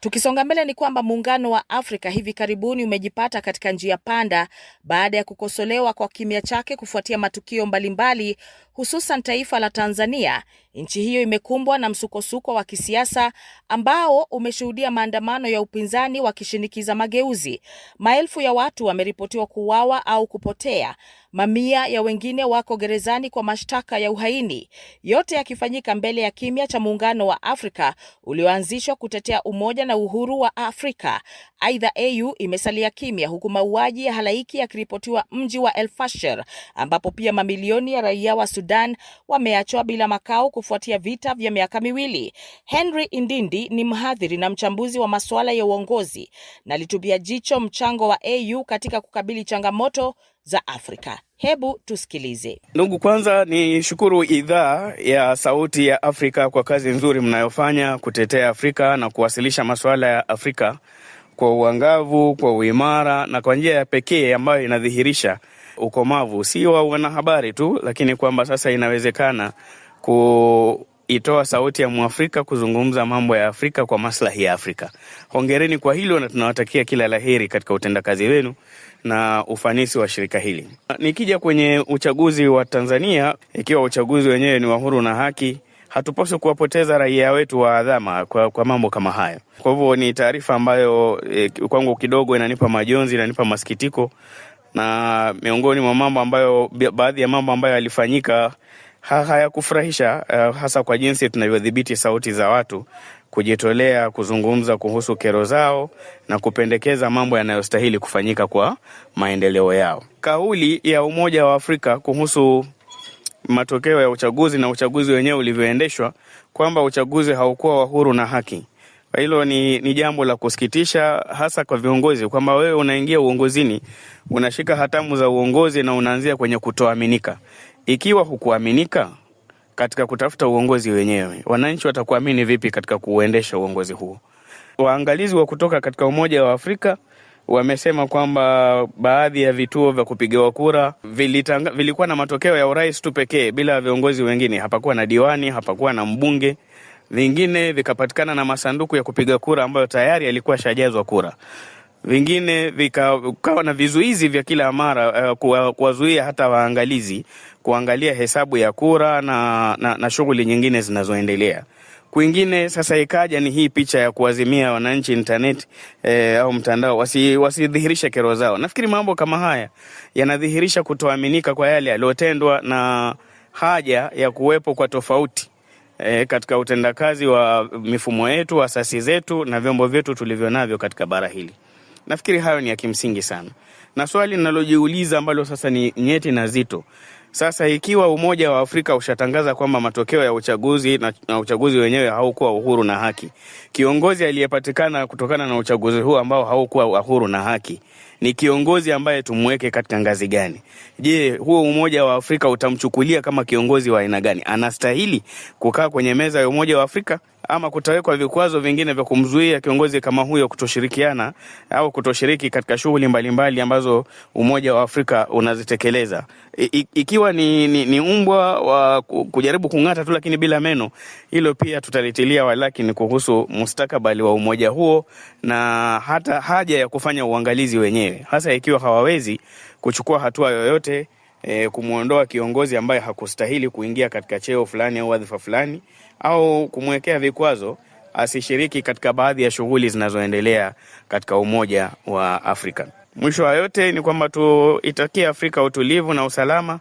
Tukisonga mbele ni kwamba muungano wa Afrika hivi karibuni umejipata katika njia panda baada ya kukosolewa kwa kimya chake kufuatia matukio mbalimbali, hususan taifa la Tanzania. Nchi hiyo imekumbwa na msukosuko wa kisiasa ambao umeshuhudia maandamano ya upinzani wakishinikiza mageuzi. Maelfu ya watu wameripotiwa kuuawa au kupotea, mamia ya wengine wako gerezani kwa mashtaka ya uhaini, yote yakifanyika mbele ya kimya cha Muungano wa Afrika ulioanzishwa kutetea umoja na uhuru wa Afrika. Aidha, AU imesalia kimya huku mauaji ya halaiki yakiripotiwa mji wa El Fasher, ambapo pia mamilioni ya raia wa Sudan Sudan wameachwa bila makao kufuatia vita vya miaka miwili. Henry Indindi ni mhadhiri na mchambuzi wa masuala ya uongozi na alitupia jicho mchango wa AU katika kukabili changamoto za Afrika. Hebu tusikilize. Ndugu, kwanza ni shukuru idhaa ya Sauti ya Afrika kwa kazi nzuri mnayofanya kutetea Afrika na kuwasilisha masuala ya Afrika kwa uangavu, kwa uimara na kwa njia ya pekee ambayo inadhihirisha ukomavu si wa wanahabari tu, lakini kwamba sasa inawezekana kuitoa sauti ya Mwafrika kuzungumza mambo ya Afrika kwa maslahi ya Afrika. Hongereni kwa hilo na tunawatakia kila laheri katika utendakazi wenu na ufanisi wa shirika hili. Nikija kwenye uchaguzi wa Tanzania, ikiwa uchaguzi wenyewe ni wa huru na haki, hatupaswi kuwapoteza raia wetu wa adhama kwa, kwa mambo kama hayo. Kwa hivyo ni taarifa ambayo e, kwangu kidogo inanipa majonzi, inanipa masikitiko na miongoni mwa mambo ambayo, baadhi ya mambo ambayo yalifanyika hayakufurahisha uh, hasa kwa jinsi tunavyodhibiti sauti za watu kujitolea kuzungumza kuhusu kero zao na kupendekeza mambo yanayostahili kufanyika kwa maendeleo yao. Kauli ya Umoja wa Afrika kuhusu matokeo ya uchaguzi na uchaguzi wenyewe ulivyoendeshwa, kwamba uchaguzi haukuwa wa huru na haki, hilo ni, ni jambo la kusikitisha hasa kwa viongozi kwamba wewe unaingia uongozini unashika hatamu za uongozi na unaanzia kwenye kutoaminika. Ikiwa hukuaminika katika kutafuta uongozi wenyewe, wananchi watakuamini vipi katika kuuendesha uongozi huo? Waangalizi wa kutoka katika Umoja wa Afrika wamesema kwamba baadhi ya vituo vya kupigiwa kura vilitanga, vilikuwa na matokeo ya urais tu pekee bila viongozi wengine. Hapakuwa na diwani, hapakuwa na mbunge vingine vikapatikana na masanduku ya kupiga kura ambayo tayari yalikuwa shajazwa kura vingine vikawa na vizuizi vya kila mara uh, kuwazuia hata waangalizi kuangalia hesabu ya kura na, na, na shughuli nyingine zinazoendelea. Kwingine sasa ikaja ni hii picha ya kuwazimia wananchi intaneti eh, au mtandao wasidhihirishe wasi kero zao. Nafikiri mambo kama haya yanadhihirisha kutoaminika kwa yale yaliyotendwa na haja ya kuwepo kwa tofauti e, katika utendakazi wa mifumo yetu, asasi zetu na vyombo vyetu tulivyo navyo katika bara hili. Nafikiri hayo ni ya kimsingi sana, na swali linalojiuliza ambalo sasa ni nyeti na zito sasa ikiwa Umoja wa Afrika ushatangaza kwamba matokeo ya uchaguzi na, na uchaguzi wenyewe haukuwa uhuru na haki, kiongozi aliyepatikana kutokana na uchaguzi huu ambao haukuwa uhuru na haki ni kiongozi ambaye tumweke katika ngazi gani? Je, huo Umoja wa Afrika utamchukulia kama kiongozi wa aina gani? Anastahili kukaa kwenye meza ya Umoja wa Afrika? ama kutawekwa vikwazo vingine vya kumzuia kiongozi kama huyo kutoshirikiana au kutoshiriki katika shughuli mbalimbali ambazo Umoja wa Afrika unazitekeleza, I, ikiwa ni, ni, ni umbwa wa kujaribu kung'ata tu lakini bila meno. Hilo pia tutalitilia walakini kuhusu mustakabali wa umoja huo na hata haja ya kufanya uangalizi wenyewe, hasa ikiwa hawawezi kuchukua hatua yoyote e, eh, kumwondoa kiongozi ambaye hakustahili kuingia katika cheo fulani au wadhifa fulani au kumwekea vikwazo asishiriki katika baadhi ya shughuli zinazoendelea katika Umoja wa Afrika. Mwisho wa yote ni kwamba tuitakie Afrika utulivu na usalama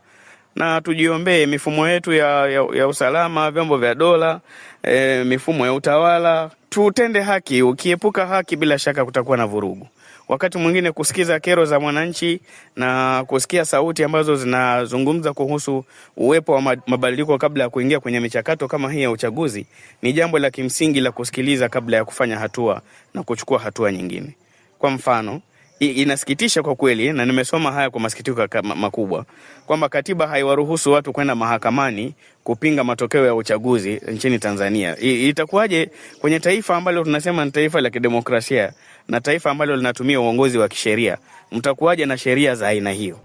na tujiombee mifumo yetu ya, ya, ya usalama, vyombo vya dola e, mifumo ya utawala. Tutende haki. Ukiepuka haki, bila shaka kutakuwa na vurugu. Wakati mwingine kusikiza kero za mwananchi na kusikia sauti ambazo zinazungumza kuhusu uwepo wa mabadiliko kabla ya kuingia kwenye michakato kama hii ya uchaguzi ni jambo la kimsingi la kusikiliza kabla ya kufanya hatua na kuchukua hatua nyingine. Kwa mfano inasikitisha kwa kweli, na nimesoma haya kwa masikitiko makubwa kwamba katiba haiwaruhusu watu kwenda mahakamani kupinga matokeo ya uchaguzi nchini Tanzania. itakuwaje kwenye taifa ambalo tunasema ni taifa la kidemokrasia na taifa ambalo linatumia uongozi wa kisheria, mtakuwaje na sheria za aina hiyo?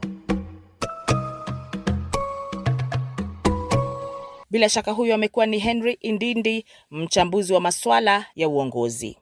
Bila shaka huyo amekuwa ni Henry Indindi, mchambuzi wa masuala ya uongozi.